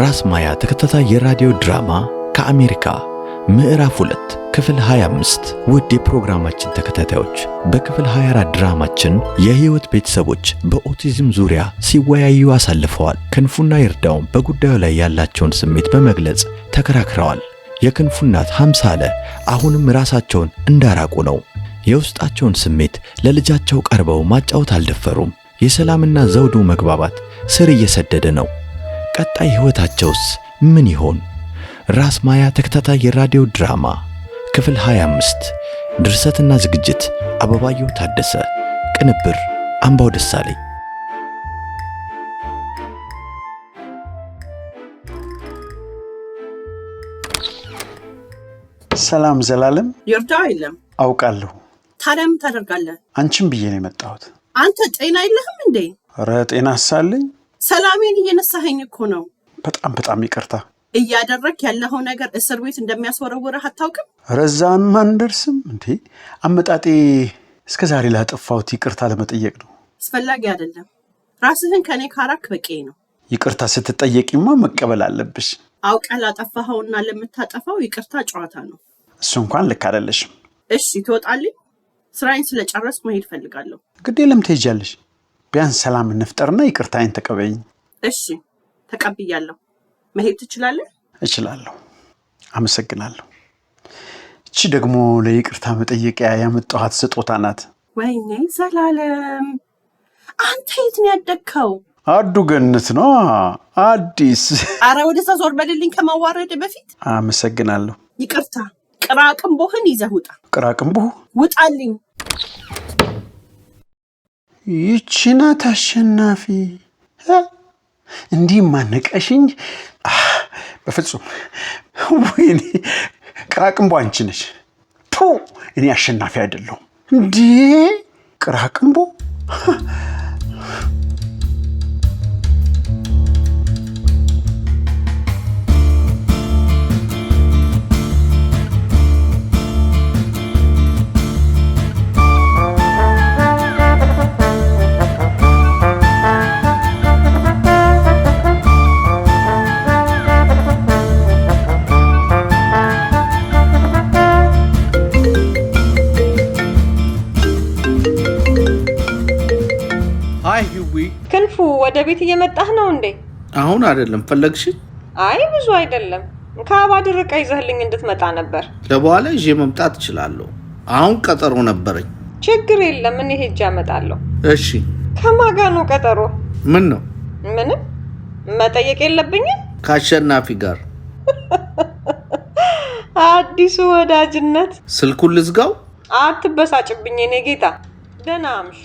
ራስ ማያ ተከታታይ የራዲዮ ድራማ ከአሜሪካ ምዕራፍ 2 ክፍል 25። ውድ የፕሮግራማችን ተከታታዮች በክፍል 24 ድራማችን የህይወት ቤተሰቦች በኦቲዝም ዙሪያ ሲወያዩ አሳልፈዋል። ክንፉና ይርዳውን በጉዳዩ ላይ ያላቸውን ስሜት በመግለጽ ተከራክረዋል። የክንፉ እናት ሃምሳለ አሁንም ራሳቸውን እንዳራቁ ነው። የውስጣቸውን ስሜት ለልጃቸው ቀርበው ማጫወት አልደፈሩም። የሰላምና ዘውዱ መግባባት ስር እየሰደደ ነው። ቀጣይ ሕይወታቸውስ ምን ይሆን? ራስ ማያ ተከታታይ የራዲዮ ድራማ ክፍል 25 ድርሰትና ዝግጅት አበባየሁ ታደሰ፣ ቅንብር አምባው ደሳለኝ። ሰላም ዘላለም። ይርዳ የለም አውቃለሁ። ታዲያ ምን ታደርጋለህ? አንቺም ብዬ ነው የመጣሁት። አንተ ጤና የለህም እንዴ? ኧረ ጤና ሳለኝ ሰላሜን እየነሳኸኝ እኮ ነው። በጣም በጣም ይቅርታ። እያደረግ ያለኸው ነገር እስር ቤት እንደሚያስወረውረህ አታውቅም። ረዛም አንደርስም እንዴ። አመጣጤ እስከ ዛሬ ላጠፋሁት ይቅርታ ለመጠየቅ ነው። አስፈላጊ አይደለም። ራስህን ከእኔ ካራክ በቂ ነው። ይቅርታ ስትጠየቂማ መቀበል አለብሽ። አውቀ ላጠፋኸውና ለምታጠፋው ይቅርታ ጨዋታ ነው። እሱ እንኳን ልክ አይደለሽም። እሺ ትወጣልኝ። ስራዬን ስለጨረስኩ መሄድ እፈልጋለሁ። ግዴ ለምን ትሄጃለሽ? ቢያንስ ሰላም እንፍጠርና ይቅርታዬን ተቀበይኝ። እሺ ተቀብያለሁ። መሄድ ትችላለህ? እችላለሁ። አመሰግናለሁ። እቺ ደግሞ ለይቅርታ መጠየቂያ ያመጣኋት ስጦታ ናት። ወይኔ ዘላለም፣ አንተ የት ነው ያደግከው? አዱ ገነት ነው አዲስ። አረ ወደ እዛ ዞር በልልኝ ከማዋረድ በፊት። አመሰግናለሁ። ይቅርታ። ቅራቅንቦህን ይዘህ ውጣ። ቅራቅንቦህ ውጣልኝ። ይቺ ናት አሸናፊ። እንዲህ ማነቀሽኝ? በፍጹም ወይኔ፣ ቅራቅንቦ አንቺ ነሽ። እኔ አሸናፊ አይደለሁም። እንዲህ ቅራቅንቦ ወደ ቤት እየመጣህ ነው እንዴ? አሁን አይደለም። ፈለግሽ? አይ ብዙ አይደለም። ከአባድ ርቀህ ይዘህልኝ እንድትመጣ ነበር። ለበኋላ ይዤ መምጣት እችላለሁ። አሁን ቀጠሮ ነበረኝ። ችግር የለም። እኔ ሄጄ አመጣለሁ። እሺ። ከማን ጋር ነው ቀጠሮ? ምን ነው? ምንም መጠየቅ የለብኝም። ከአሸናፊ ጋር አዲሱ ወዳጅነት። ስልኩን ልዝጋው? አትበሳጭብኝ የኔ ጌታ። ደህና አምሽ።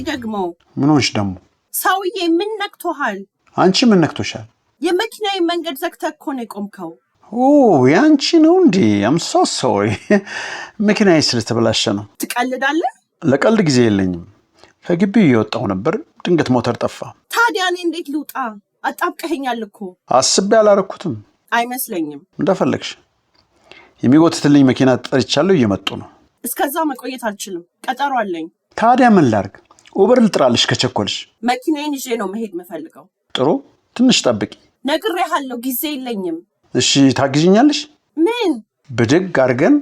የሚደግመው? ምን ሆንሽ ደግሞ? ሰውዬ ምን ነክቶሃል? አንቺ ምን ነክቶሻል? የመኪናዬ መንገድ ዘግተህ እኮ ነው የቆምከው። ኦ የአንቺ ነው እንዴ? አምሶ ሰሪ መኪናዬ ስለተበላሸ ነው። ትቀልዳለህ? ለቀልድ ጊዜ የለኝም። ከግቢው እየወጣው ነበር፣ ድንገት ሞተር ጠፋ። ታዲያ እኔ እንዴት ልውጣ? አጣብቀኸኛል እኮ። አስቤ አላረኩትም። አይመስለኝም። እንደፈለግሽ የሚጎትትልኝ መኪና ጠርቻለሁ፣ እየመጡ ነው። እስከዛ መቆየት አልችልም፣ ቀጠሮ አለኝ። ታዲያ ምን ላርግ? ኦበር ልጥራልሽ ከቸኮልሽ። መኪናዬን ይዤ ነው መሄድ የምፈልገው። ጥሩ ትንሽ ጠብቂ። ነግሬሃለሁ፣ ጊዜ የለኝም። እሺ ታግዥኛለሽ? ምን ብድግ አድርገን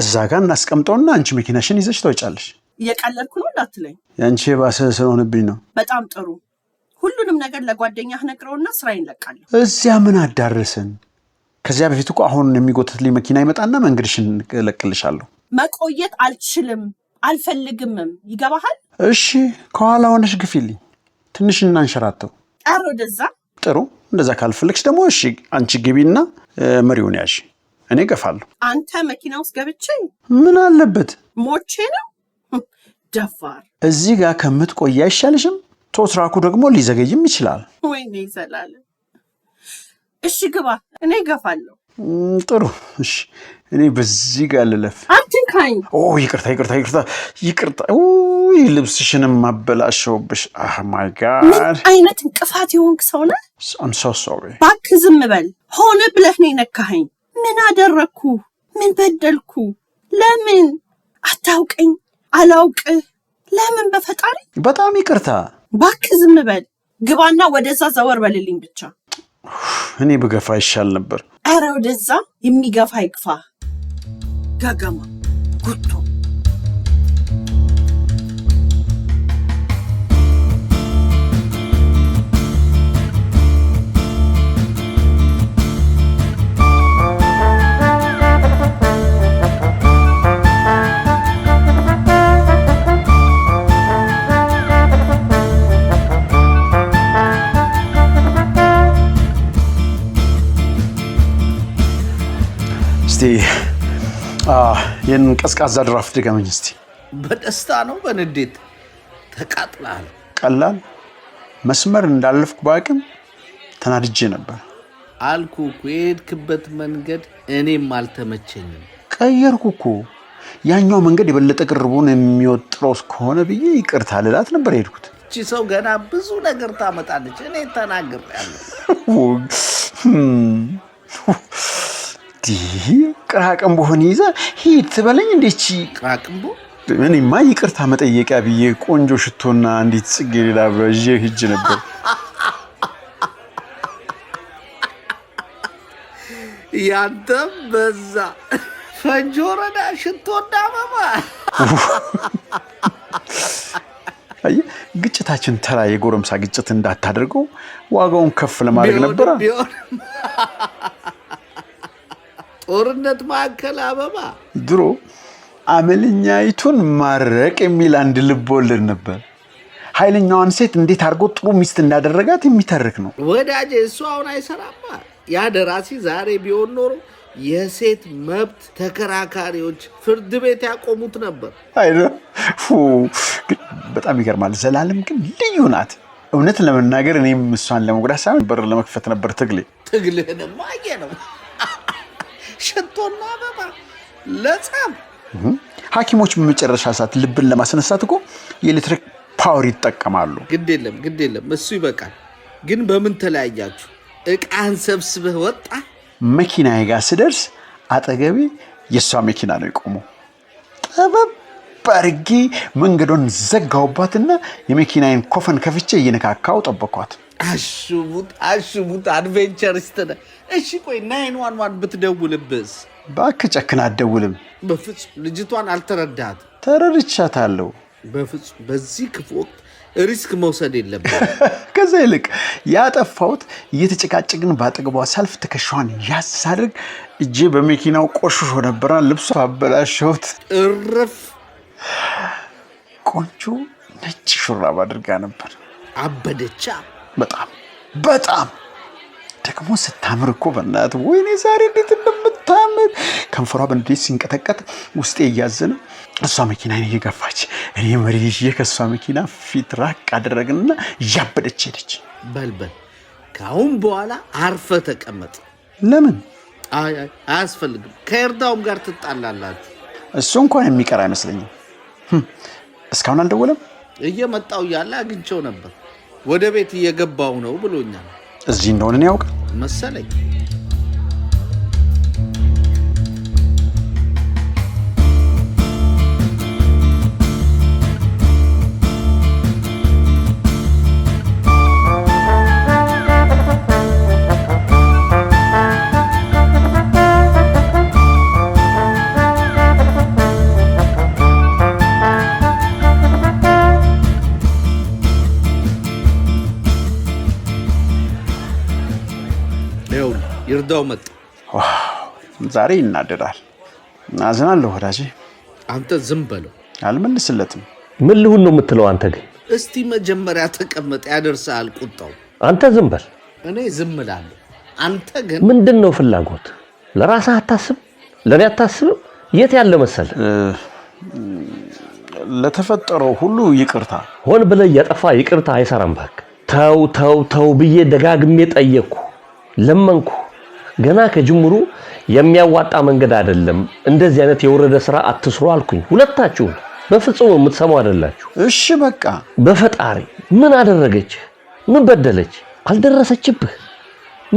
እዛ ጋር እናስቀምጠውና አንቺ መኪናሽን ይዘሽ ታወጫለሽ። እየቀለድኩ ነው እንዳትለኝ። የአንቺ የባሰ ስለሆንብኝ ነው። በጣም ጥሩ። ሁሉንም ነገር ለጓደኛህ ነግረውና ስራዬን ለቃለሁ። እዚያ ምን አዳረሰን? ከዚያ በፊት እኮ አሁን የሚጎተትልኝ መኪና ይመጣና መንገድሽን እለቅልሻለሁ። መቆየት አልችልም፣ አልፈልግምም። ይገባሃል? እሺ፣ ከኋላ ሆነሽ ግፊልኝ ትንሽ እናንሸራተው። ኧረ ወደዛ። ጥሩ። እንደዛ ካልፈለግሽ ደግሞ እሺ፣ አንቺ ግቢና መሪውን ያሽ፣ እኔ ገፋለሁ። አንተ መኪና ውስጥ ገብቼ ምን አለበት? ሞቼ ነው ደፋር። እዚህ ጋር ከምትቆይ አይሻልሽም? ቶትራኩ ደግሞ ሊዘገይም ይችላል። ወይኔ ይዘላለን። እሺ ግባ፣ እኔ ገፋለሁ። ጥሩ እሺ፣ እኔ በዚህ ጋር ልለፍ። አንቺን ኦ ይቅርታ፣ ይቅርታ፣ ይቅርታ፣ ይቅርታ ውይ ልብስሽንም አበላሸውብሽ። አህ ማይ ጋድ አይነት እንቅፋት የሆንክ ሰው ነህ? አምሶ ሶሪ። እባክህ ዝም በል። ሆነ ብለህ ነው የነካኸኝ። ምን አደረግኩ? ምን በደልኩ? ለምን አታውቀኝ? አላውቅህ ለምን? በፈጣሪ በጣም ይቅርታ። እባክህ ዝም በል። ግባና ወደዛ ዘወር በልልኝ ብቻ። እኔ ብገፋ ይሻል ነበር። ኧረ ወደዛ የሚገፋ ይግፋ። ጋጋማ ጉቶ ይህንን ቀዝቃዛ ድራፍት ድገመኝ እስቲ። በደስታ ነው በንዴት ተቃጥላል። ቀላል መስመር እንዳለፍኩ በአቅም ተናድጄ ነበር። አልኩ እኮ የሄድክበት መንገድ እኔም አልተመቸኝም። ቀየርኩ እኮ ያኛው መንገድ የበለጠ ቅርቡን የሚወጥረው እስከሆነ ብዬ ይቅርታ ልላት ነበር የሄድኩት። እቺ ሰው ገና ብዙ ነገር ታመጣለች። እኔ ተናግሬያለሁ። እንዲህ ቅራቅንቦ ሆን ይዛ ሂድ ትበለኝ እንዴቺ ቅራቅንቦ። እኔማ ይቅርታ መጠየቂያ ብዬ ቆንጆ ሽቶና እንዴት ሌላ ብዬ ሂጅ ነበር። ያንተም በዛ ፈንጂ ወረዳ ሽቶና አበባ። ግጭታችን ተራ የጎረምሳ ግጭት እንዳታደርገው ዋጋውን ከፍ ለማድረግ ነበረ። ጦርነት ማዕከል አበባ ድሮ አመልኛይቱን ማረቅ የሚል አንድ ልብ ወለድ ነበር። ኃይለኛዋን ሴት እንዴት አድርጎ ጥሩ ሚስት እንዳደረጋት የሚተርክ ነው። ወዳጄ እሱ አሁን አይሰራማ። ያ ደራሲ ዛሬ ቢሆን ኖሮ የሴት መብት ተከራካሪዎች ፍርድ ቤት ያቆሙት ነበር። በጣም ይገርማል። ዘላለም ግን ልዩ ናት። እውነት ለመናገር እኔም እሷን ለመጉዳት ሳይሆን በር ለመክፈት ነበር ትግሌ። ትግልህንማ አየህ ነው ሽቶና አበባ ለጻም ሐኪሞች በመጨረሻ ሰዓት ልብን ለማስነሳት እኮ የኤሌክትሪክ ፓወር ይጠቀማሉ። ግድ የለም ግድ የለም እሱ ይበቃል። ግን በምን ተለያያችሁ? እቃን ሰብስበህ ወጣ። መኪና ጋር ስደርስ አጠገቤ የእሷ መኪና ነው የቆመው። ጠበብ አድርጌ መንገዶን ዘጋውባትና የመኪናዬን ኮፈን ከፍቼ እየነካካው ጠበኳት። አሽቡት አሽቡት አድቬንቸር ስትነ እሺ፣ ቆይ ናይን ዋን ዋን ብትደውልብስ? እባክህ ጨክን፣ አትደውልም። በፍጹም ልጅቷን አልተረዳት። ተረድቻታለሁ። በፍጹም በዚህ ክፉ ወቅት ሪስክ መውሰድ የለብህ። ከዛ ይልቅ ያጠፋሁት እየተጨቃጨቅን በአጠገቧ ሰልፍ ትከሻዋን ያዝ ሳድርግ እጄ በመኪናው ቆሽሾ ነበራ፣ ልብሷ አበላሸሁት። እርፍ። ቆንጆ ነጭ ሹራብ አድርጋ ነበር። አበደቻ በጣም በጣም ደግሞ ስታምር እኮ በእናት ወይኔ ዛሬ እንዴት እንደምታምር ከንፈሯ በንዴት ሲንቀጠቀጥ ውስጤ እያዘነ እሷ መኪና እየገፋች እኔ መሪ ይዤ ከእሷ መኪና ፊት ራቅ አደረግንና እያበደች ሄደች። በልበል ከአሁን በኋላ አርፈ ተቀመጥ። ለምን አያስፈልግም። ከእርዳውም ጋር ትጣላላችሁ። እሱ እንኳን የሚቀር አይመስለኝም። እስካሁን አልደወለም። እየመጣው እያለ አግኝቼው ነበር። ወደ ቤት እየገባው ነው ብሎኛል። እዚህ እንደሆነ ያውቃል መሰለኝ። ይርዳው መጣ። ዛሬ ይናደዳል። አዝናለሁ ወዳጄ። አንተ ዝም በለው። አልመልስለትም። ምን ልሁን ነው የምትለው አንተ? ግን እስቲ መጀመሪያ ተቀመጠ፣ ያደርሰሃል ቁጣው። አንተ ዝም በል። እኔ ዝም እላለሁ። አንተ ግን ምንድን ነው ፍላጎት? ለራስህ አታስብ፣ ለእኔ አታስብም። የት ያለ መሰል ለተፈጠረው ሁሉ ይቅርታ። ሆን ብለህ እያጠፋ ይቅርታ አይሰራም። እባክህ ተው ተው ተው ብዬ ደጋግሜ ጠየቅኩ፣ ለመንኩ። ገና ከጅምሩ የሚያዋጣ መንገድ አይደለም። እንደዚህ አይነት የወረደ ስራ አትስሩ አልኩኝ። ሁለታችሁን በፍጹም የምትሰማው አይደላችሁ። እሺ በቃ በፈጣሪ ምን አደረገች? ምን በደለች? አልደረሰችብህ።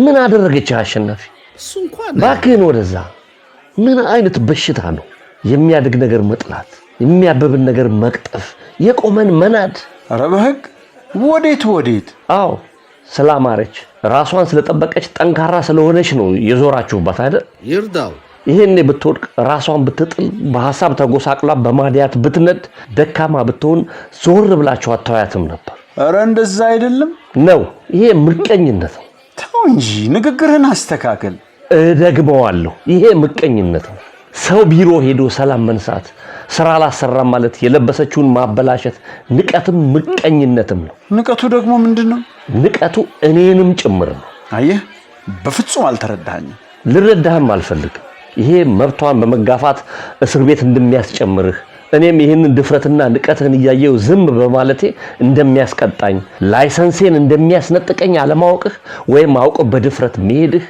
ምን አደረገች? አሸናፊ እሱ እንኳን እባክህን ወደዛ። ምን አይነት በሽታ ነው? የሚያድግ ነገር መጥላት፣ የሚያበብን ነገር መቅጠፍ፣ የቆመን መናድ። ኧረ በህግ ወዴት ወዴት? አዎ ስላማረች ራሷን ስለጠበቀች ጠንካራ ስለሆነች ነው የዞራችሁባት አይደል? ይርዳው። ይሄኔ ብትወድቅ ራሷን ብትጥል በሀሳብ ተጎሳቅላ በማዲያት ብትነድ ደካማ ብትሆን ዞር ብላችሁ አታያትም ነበር። እረ እንደዛ አይደለም ነው። ይሄ ምቀኝነት ነው። ተው እንጂ ንግግርህን አስተካክል። እደግመዋለሁ፣ ይሄ ምቀኝነት ነው። ሰው ቢሮ ሄዶ ሰላም መንሳት ስራ አላሰራም ማለት የለበሰችውን ማበላሸት ንቀትም ምቀኝነትም ነው። ንቀቱ ደግሞ ምንድን ነው? ንቀቱ እኔንም ጭምር ነው። አየህ፣ በፍጹም አልተረዳኸኝም። ልረዳህም አልፈልግም። ይሄ መብቷን በመጋፋት እስር ቤት እንደሚያስጨምርህ እኔም ይህንን ድፍረትና ንቀትህን እያየው ዝም በማለቴ እንደሚያስቀጣኝ ላይሰንሴን እንደሚያስነጥቀኝ አለማወቅህ ወይም አውቀ በድፍረት መሄድህ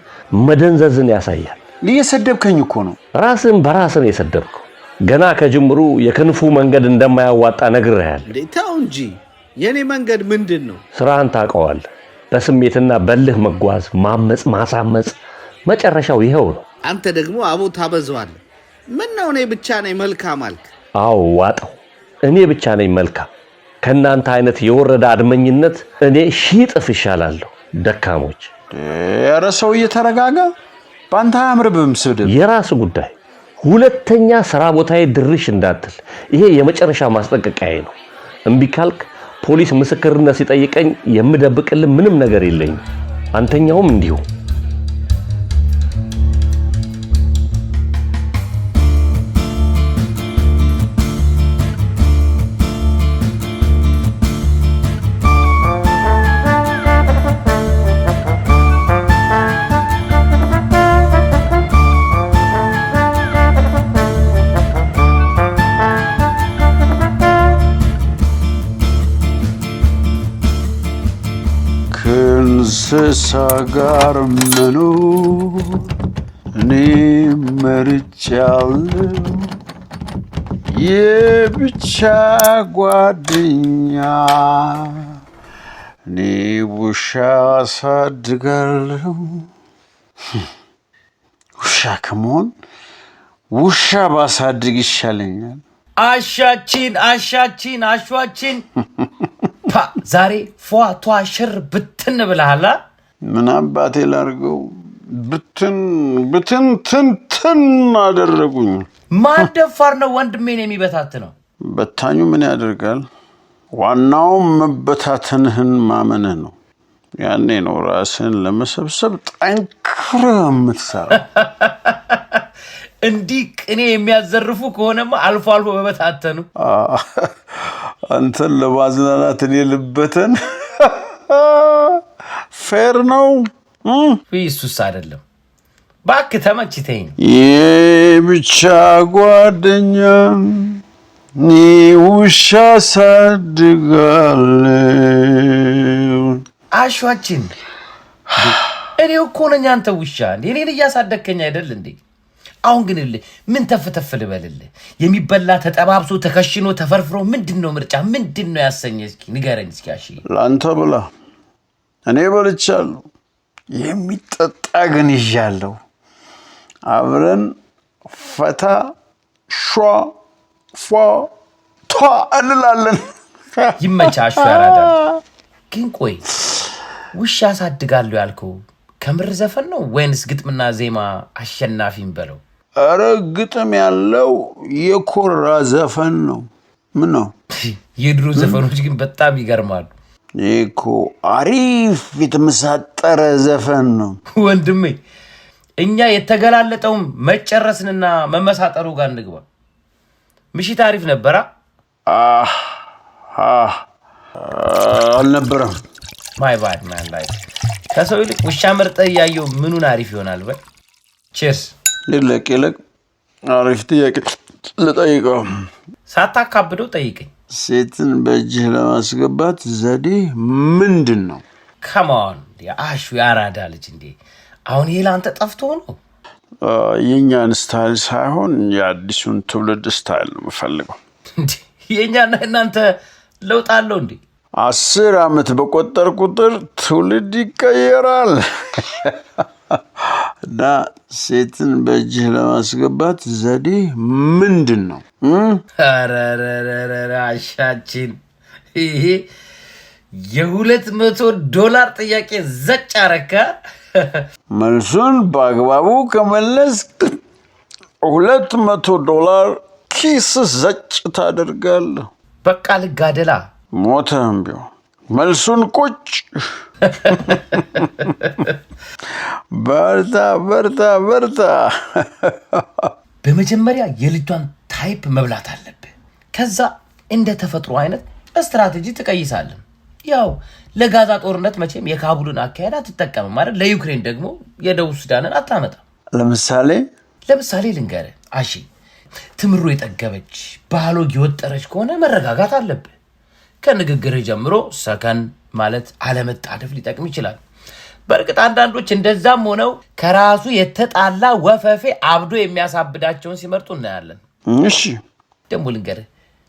መደንዘዝን ያሳያል። እየሰደብከኝ እኮ ነው ራስን በራስን የሰደብከው ገና ከጅምሩ የክንፉ መንገድ እንደማያዋጣ ነግሬሃለሁ። ተው እንጂ የእኔ መንገድ ምንድን ነው? ስራህን ታውቀዋለህ። በስሜትና በልህ መጓዝ፣ ማመፅ፣ ማሳመፅ መጨረሻው ይኸው ነው። አንተ ደግሞ አቦ ታበዘዋለህ። ምን ነው እኔ ብቻ ነኝ መልካም አልክ? አዎ ዋጠው፣ እኔ ብቻ ነኝ መልካም። ከእናንተ አይነት የወረደ አድመኝነት እኔ ሺህ እጥፍ ይሻላለሁ። ደካሞች። ኧረ ሰው እየተረጋጋ ባንታ አምር ስድብ፣ የራስ ጉዳይ። ሁለተኛ ስራ ቦታ ድርሽ እንዳትል። ይሄ የመጨረሻ ማስጠንቀቂያ ነው። እምቢ ካልክ ፖሊስ ምስክርነት ሲጠይቀኝ የምደብቅልን ምንም ነገር የለኝም። አንተኛውም እንዲሁ እንስሳ ጋር መኖር እኔ መርጫለሁ። የብቻ ጓደኛ እኔ ውሻ አሳድጋለሁ። ውሻ ከመሆን ውሻ ባሳድግ ይሻለኛል። አሻችን አሻችን አሿችን ዛሬ ቷ ሽር ብትን ብልሃላ። ምን አባቴ ላርገው? ብትን ብትን ትንትን አደረጉኝ። ማን ደፋር ነው ወንድሜን የሚበታት ነው? በታኙ ምን ያደርጋል? ዋናው መበታተንህን ማመንህ ነው። ያኔ ነው ራስህን ለመሰብሰብ ጠንክረህ የምትሰራ። እንዲህ ቅኔ የሚያዘርፉ ከሆነማ አልፎ አልፎ በበታተኑ አንተን ለማዝናናት እኔ ልበተን ፌር ነው። እሱስ አይደለም እባክህ ተመችተኝ። የብቻ ጓደኛ ውሻ ሳድጋል አሸችን እኔ እኮ ነኝ አንተ ውሻ እኔን እያሳደግከኝ አይደል እንዴ? አሁን ግን ልህ ምን ተፍ ተፍ ልበልልህ? የሚበላ ተጠባብሶ ተከሽኖ ተፈርፍሮ ምንድን ነው ምርጫ? ምንድን ነው ያሰኘ እስኪ ንገረኝ እስኪ። አሽ ለአንተ ብላ እኔ በልቻለሁ። የሚጠጣ ግን ይዣለሁ። አብረን ፈታ ሿ ፏ ቷ እንላለን። ይመቻሹ። ያራዳ ግን ቆይ ውሻ አሳድጋለሁ ያልከው ከምር ዘፈን ነው ወይንስ ግጥምና ዜማ አሸናፊም በለው? እረ ግጥም ያለው የኮራ ዘፈን ነው። ምን ነው የድሮ ዘፈኖች ግን በጣም ይገርማሉ። እኮ አሪፍ የተመሳጠረ ዘፈን ነው ወንድሜ። እኛ የተገላለጠውም መጨረስንና መመሳጠሩ ጋር እንግባ። ምሽት አሪፍ ነበራ አልነበረም? ማይ ባድ ማን ላይ ከሰው ይልቅ ውሻ መርጠ እያየው ምኑን አሪፍ ይሆናል በል። ቼርስ ይለቅ ይለቅ። አሪፍ ጥያቄ ልጠይቀው። ጠይቀኝ። ሴትን በእጅህ ለማስገባት ዘዴ ምንድን ነው? ከማን አሹ፣ የአራዳ ልጅ እንዴ! አሁን ይሄ ለአንተ ጠፍቶ ነው? የእኛን ስታይል ሳይሆን የአዲሱን ትውልድ ስታይል ነው የምፈልገው። የእኛና እናንተ ለውጥ አለው እንዴ? አስር ዓመት በቆጠር ቁጥር ትውልድ ይቀየራል። እና ሴትን በእጅህ ለማስገባት ዘዴ ምንድን ነው? አሻችን ይሄ የሁለት መቶ ዶላር ጥያቄ ዘጭ አረካ። መልሱን በአግባቡ ከመለስ ሁለት መቶ ዶላር ኪስ ዘጭ ታደርጋለሁ። በቃ ልጋደላ ሞተህም ቢሆን መልሱን ቁጭ በርታ በርታ በርታ። በመጀመሪያ የልጇን ታይፕ መብላት አለብህ። ከዛ እንደ ተፈጥሮ አይነት ስትራቴጂ ትቀይሳለን። ያው ለጋዛ ጦርነት መቼም የካቡልን አካሄድ አትጠቀምም ማለት ለዩክሬን ደግሞ የደቡብ ሱዳንን አታመጣም። ለምሳሌ ለምሳሌ ልንገርህ አሺ ትምሮ የጠገበች ባህሎግ የወጠረች ከሆነ መረጋጋት አለብህ። ከንግግርህ ጀምሮ ሰከን ማለት አለመጣደፍ ሊጠቅም ይችላል። በእርግጥ አንዳንዶች እንደዛም ሆነው ከራሱ የተጣላ ወፈፌ አብዶ የሚያሳብዳቸውን ሲመርጡ እናያለን። እሺ ደግሞ ልንገርህ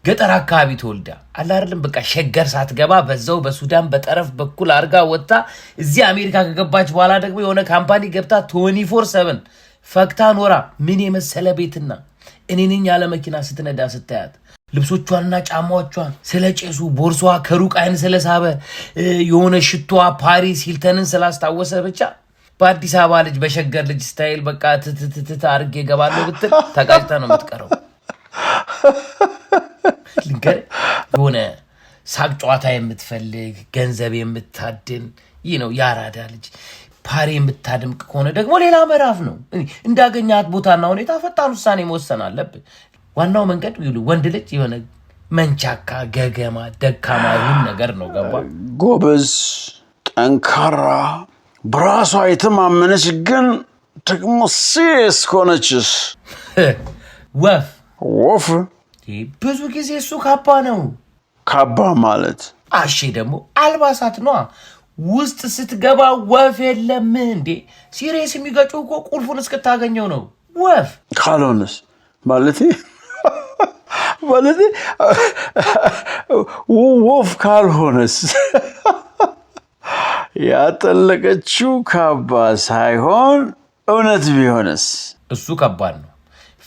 ገጠር አካባቢ ተወልዳ አላርልም በቃ ሸገር ሳትገባ በዛው በሱዳን በጠረፍ በኩል አድርጋ ወጥታ እዚህ አሜሪካ ከገባች በኋላ ደግሞ የሆነ ካምፓኒ ገብታ ቶኒ ፎር ሰቨን ፈግታ ኖራ ምን የመሰለ ቤትና እኔንኛ ያለ መኪና ስትነዳ ስታያት ልብሶቿንና ጫማዎቿን ስለጨሱ ቦርሷ ከሩቅ አይን ስለሳበ የሆነ ሽቷ ፓሪስ ሂልተንን ስላስታወሰ ብቻ በአዲስ አበባ ልጅ በሸገር ልጅ ስታይል በቃ ትትትት አድርጌ እገባለሁ ብትል ተቃጭተ ነው የምትቀረው። ልንገር የሆነ ሳቅ ጨዋታ የምትፈልግ ገንዘብ የምታድን ይህ ነው የአራዳ ልጅ። ፓሪ የምታድምቅ ከሆነ ደግሞ ሌላ ምዕራፍ ነው። እንዳገኛት ቦታና ሁኔታ ፈጣን ውሳኔ መወሰን አለብን። ዋናው መንገድ ወንድ ልጅ የሆነ መንቻካ፣ ገገማ፣ ደካማ ይሁን ነገር ነው። ገባ ጎበዝ፣ ጠንካራ፣ በራሷ የተማመነች ግን ደግሞ ሴስ ከሆነችስ ወፍ ወፍ። ብዙ ጊዜ እሱ ካባ ነው። ካባ ማለት አሺ ደግሞ አልባሳት ነዋ። ውስጥ ስትገባ ወፍ የለም እንዴ? ሲሪየስ የሚገጩ እኮ ቁልፉን እስክታገኘው ነው። ወፍ ካልሆነስ ማለት ማለት ወፍ ካልሆነስ ያጠለቀችው ካባ ሳይሆን እውነት ቢሆንስ? እሱ ከባድ ነው።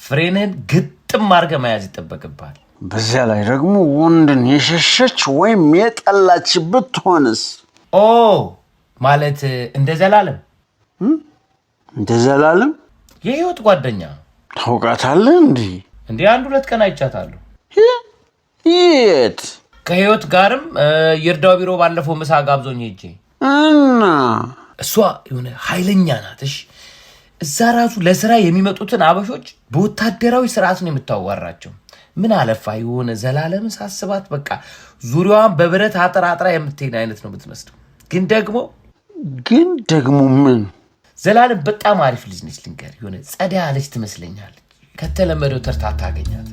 ፍሬንህን ግጥም አድርገህ መያዝ ይጠበቅብሃል። በዚያ ላይ ደግሞ ወንድን የሸሸች ወይም የጠላች ብትሆንስ? ኦ ማለት እንደ ዘላለም እንደ ዘላለም የህይወት ጓደኛ ታውቃታለህ? እንዲህ እንዲህ አንድ ሁለት ቀን አይቻታለሁ። የት ከህይወት ጋርም የእርዳው ቢሮ ባለፈው ምሳ ጋብዞኝ ሄጄ እና እሷ የሆነ ኃይለኛ ናትሽ። እዛ ራሱ ለስራ የሚመጡትን አበሾች በወታደራዊ ስርዓት ነው የምታዋራቸው። ምን አለፋ የሆነ ዘላለም ሳስባት በቃ ዙሪያዋን በብረት አጥራ የምትሄድ አይነት ነው የምትመስለው። ግን ደግሞ ግን ደግሞ ምን ዘላለም በጣም አሪፍ ልጅ ነች። ልንገር የሆነ ጸዳ ያለች ትመስለኛለች። ከተለመደው ተርታ ታገኛት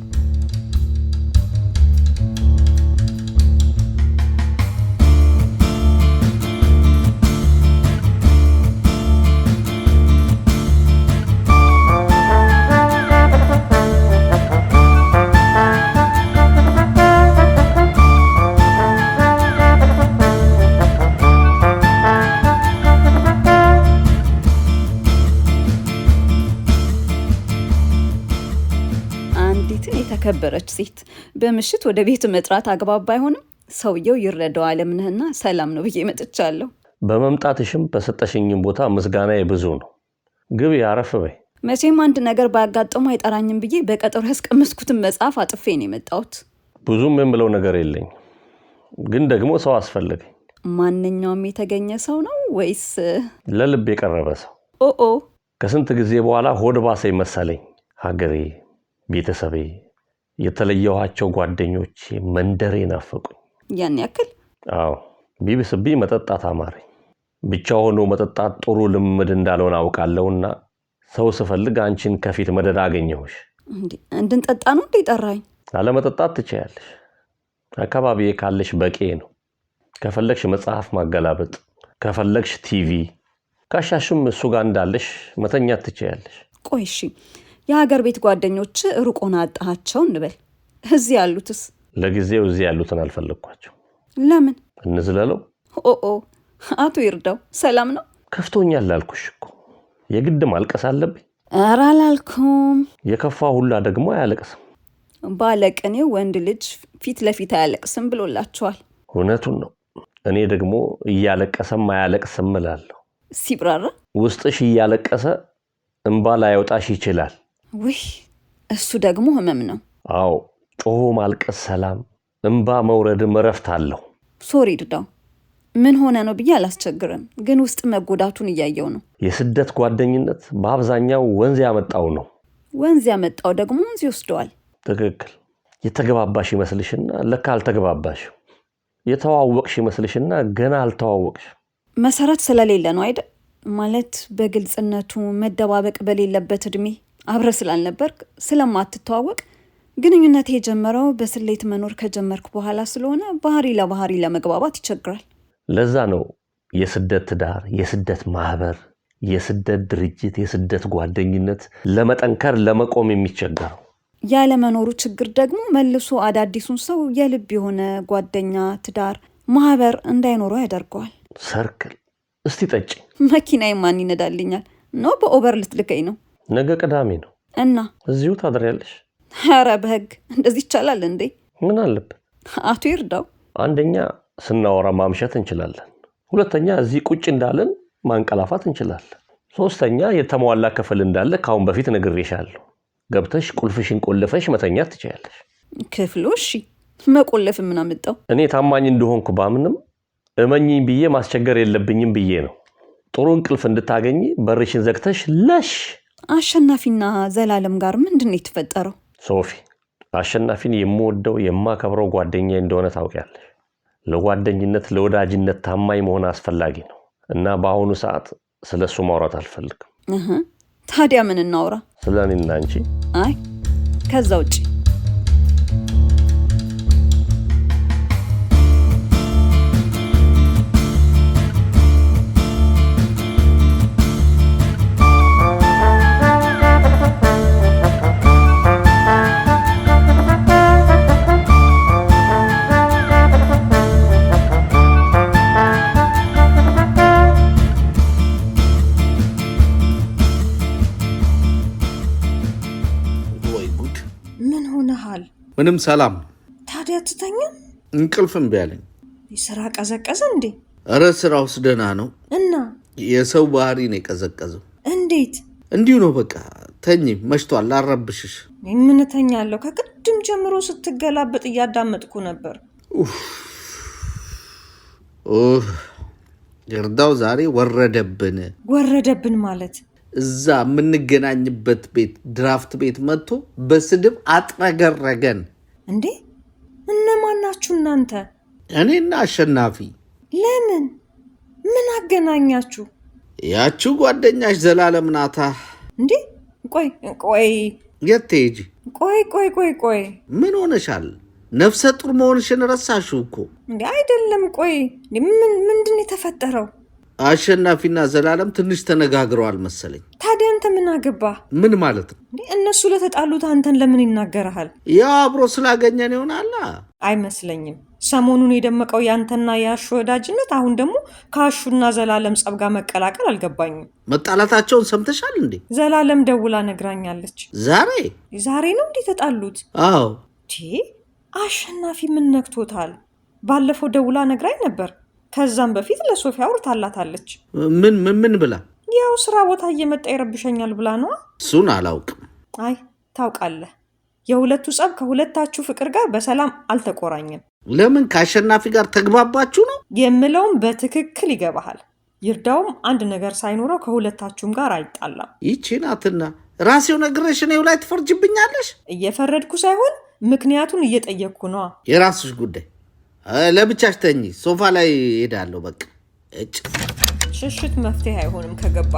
የከበረች ሴት በምሽት ወደ ቤት መጥራት አግባብ ባይሆንም ሰውየው ይረዳው እምነህና ሰላም ነው ብዬ መጥቻለሁ። በመምጣትሽም በሰጠሽኝም ቦታ ምስጋና የብዙ ነው። ግቢ አረፍ በይ። መቼም አንድ ነገር ባያጋጥሙ አይጠራኝም ብዬ በቀጠሮ ያስቀመስኩትን መጽሐፍ አጥፌ ነው የመጣሁት። ብዙም የምለው ነገር የለኝም፣ ግን ደግሞ ሰው አስፈለገኝ። ማንኛውም የተገኘ ሰው ነው ወይስ ለልብ የቀረበ ሰው? ኦኦ ከስንት ጊዜ በኋላ ሆድ ባሰኝ መሰለኝ ሀገሬ፣ ቤተሰቤ የተለየኋቸው ጓደኞች መንደሬ ናፈቁኝ። ያን ያክል? አዎ ቢብስብኝ መጠጣት አማረኝ። ብቻ ሆኖ መጠጣት ጥሩ ልምድ እንዳልሆን አውቃለሁና ሰው ስፈልግ አንቺን ከፊት መደዳ አገኘሁሽ። እንድንጠጣ ነው እንዴ ጠራኝ? አለመጠጣት ትችያለሽ። አካባቢ ካለሽ በቂ ነው። ከፈለግሽ መጽሐፍ ማገላበጥ፣ ከፈለግሽ ቲቪ፣ ካሻሽም እሱ ጋር እንዳለሽ መተኛት ትችያለሽ። ቆይ እሺ የሀገር ቤት ጓደኞች ሩቆና አጣሃቸው እንበል፣ እዚህ ያሉትስ? ለጊዜው እዚህ ያሉትን አልፈለግኳቸው። ለምን እንዝለለው? ኦኦ አቶ ይርዳው ሰላም ነው? ከፍቶኛል ላልኩሽ እኮ የግድ ማልቀስ አለብኝ? ኧረ አላልኩም። የከፋ ሁላ ደግሞ አያለቅስም። ባለቅኔ ወንድ ልጅ ፊት ለፊት አያለቅስም ብሎላቸዋል እውነቱን ነው። እኔ ደግሞ እያለቀሰም አያለቅስም እላለሁ። ሲብራራ ውስጥሽ እያለቀሰ እምባ ላይወጣሽ ይችላል ውይ እሱ ደግሞ ህመም ነው። አዎ ጮሆ ማልቀስ ሰላም፣ እምባ መውረድም እረፍት አለው። ሶሪ ድዳው፣ ምን ሆነ ነው ብዬ አላስቸግርም፣ ግን ውስጥ መጎዳቱን እያየው ነው። የስደት ጓደኝነት በአብዛኛው ወንዝ ያመጣው ነው። ወንዝ ያመጣው ደግሞ ወንዝ ይወስደዋል። ትክክል። የተገባባሽ ይመስልሽና ለካ አልተገባባሽም። የተዋወቅሽ ይመስልሽና ገና አልተዋወቅሽም። መሰረት ስለሌለ ነው አይደል? ማለት በግልጽነቱ መደባበቅ በሌለበት እድሜ አብረ ስላልነበርክ ስለማትተዋወቅ ግንኙነት የጀመረው በስሌት መኖር ከጀመርክ በኋላ ስለሆነ ባህሪ ለባህሪ ለመግባባት ይቸግራል። ለዛ ነው የስደት ትዳር፣ የስደት ማህበር፣ የስደት ድርጅት፣ የስደት ጓደኝነት ለመጠንከር ለመቆም የሚቸገረው። ያለመኖሩ ችግር ደግሞ መልሶ አዳዲሱን ሰው የልብ የሆነ ጓደኛ፣ ትዳር፣ ማህበር እንዳይኖረው ያደርገዋል። ሰርክል እስቲ ጠጭ። መኪናዬ ማን ይነዳልኛል ኖ በኦቨር ልትልከኝ ነው? ነገ ቅዳሜ ነው እና እዚሁ ታድሪያለሽ። ኧረ በህግ እንደዚህ ይቻላል እንዴ? ምን አለበት? አቶ ይርዳው፣ አንደኛ ስናወራ ማምሸት እንችላለን። ሁለተኛ እዚህ ቁጭ እንዳለን ማንቀላፋት እንችላለን። ሶስተኛ የተሟላ ክፍል እንዳለ ከአሁን በፊት ነግሬሻለሁ። ገብተሽ ቁልፍሽን ቆልፈሽ መተኛት ትችያለሽ። ክፍሉ እሺ፣ መቆለፍ ምን አመጣው? እኔ ታማኝ እንደሆንኩ ባምንም እመኝኝ ብዬ ማስቸገር የለብኝም ብዬ ነው። ጥሩ እንቅልፍ እንድታገኝ በርሽን ዘግተሽ ለሽ አሸናፊና ዘላለም ጋር ምንድን ነው የተፈጠረው? ሶፊ አሸናፊን የምወደው የማከብረው ጓደኛ እንደሆነ ታውቂያለሽ። ለጓደኝነት ለወዳጅነት ታማኝ መሆን አስፈላጊ ነው እና በአሁኑ ሰዓት ስለ እሱ ማውራት አልፈልግም። ታዲያ ምን እናውራ? ስለ እኔና አንቺ? አይ ከዛ ውጭ ምንም ሰላም። ታዲያ ትተኛም? እንቅልፍ ቢያለኝ ስራ ቀዘቀዘ እንዴ? እረ ስራውስ ደህና ነው። እና የሰው ባህሪ ነው የቀዘቀዘው። እንዴት? እንዲሁ ነው በቃ። ተኝ፣ መሽቷል፣ አረብሽሽ። ምን እተኛለሁ? ከቅድም ጀምሮ ስትገላበጥ እያዳመጥኩ ነበር። እርዳው ዛሬ ወረደብን። ወረደብን ማለት እዛ የምንገናኝበት ቤት ድራፍት ቤት መጥቶ በስድብ አጥረገረገን። እንዴ እነማን ናችሁ እናንተ? እኔና አሸናፊ። ለምን? ምን አገናኛችሁ? ያችሁ ጓደኛሽ ዘላለም ናታ። እንዴ ቆይ ቆይ፣ የት ትሄጂ? ቆይ ቆይ ቆይ ቆይ፣ ምን ሆነሻል? ነፍሰ ጡር መሆንሽን ረሳሽው እኮ። እንዴ አይደለም፣ ቆይ ምንድን የተፈጠረው? አሸናፊና ዘላለም ትንሽ ተነጋግረዋል መሰለኝ። ታዲያ አንተ ምን አገባ? ምን ማለት ነው? እነሱ ለተጣሉት አንተን ለምን ይናገረሃል? ያው አብሮ ስላገኘን ይሆናላ። አይመስለኝም። ሰሞኑን የደመቀው የአንተና የአሹ ወዳጅነት አሁን ደግሞ ከአሹና ዘላለም ጸብ ጋር መቀላቀል አልገባኝም። መጣላታቸውን ሰምተሻል እንዴ? ዘላለም ደውላ ነግራኛለች። ዛሬ ዛሬ ነው እንዴ ተጣሉት? አዎ። አሸናፊ ምን ነክቶታል? ባለፈው ደውላ ነግራኝ ነበር ከዛም በፊት ለሶፊያ አውርታላታለች። ምን ምን ብላ? ያው ስራ ቦታ እየመጣ ይረብሸኛል ብላ ነዋ። እሱን አላውቅም። አይ ታውቃለህ፣ የሁለቱ ጸብ ከሁለታችሁ ፍቅር ጋር በሰላም አልተቆራኘም። ለምን? ከአሸናፊ ጋር ተግባባችሁ ነው የምለውም በትክክል ይገባሃል። ይርዳውም አንድ ነገር ሳይኖረው ከሁለታችሁም ጋር አይጣላም። ይቺ ናትና ራሴው ነግረሽ እኔው ላይ ትፈርጅብኛለሽ። እየፈረድኩ ሳይሆን ምክንያቱን እየጠየቅኩ ነዋ። የራስሽ ጉዳይ ለብቻሽ ተኝ፣ ሶፋ ላይ ሄዳለሁ። በቃ እጭ ሽሽት መፍትሄ አይሆንም ከገባ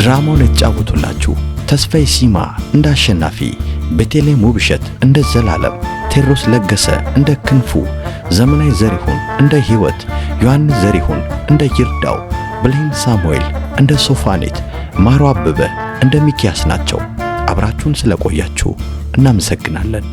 ድራማውን የተጫወቱላችሁ ተስፋዬ ሲማ እንደ አሸናፊ፣ ቤቴሌ ሙብሸት እንደ ዘላለም፣ ቴዎድሮስ ለገሰ እንደ ክንፉ፣ ዘመናዊ ዘሪሁን እንደ ሕይወት፣ ዮሐንስ ዘሪሁን እንደ ይርዳው፣ ብሌን ሳሙኤል እንደ ሶፋኔት፣ ማሮ አበበ እንደ ሚኪያስ ናቸው። አብራችሁን ስለቆያችሁ እናመሰግናለን።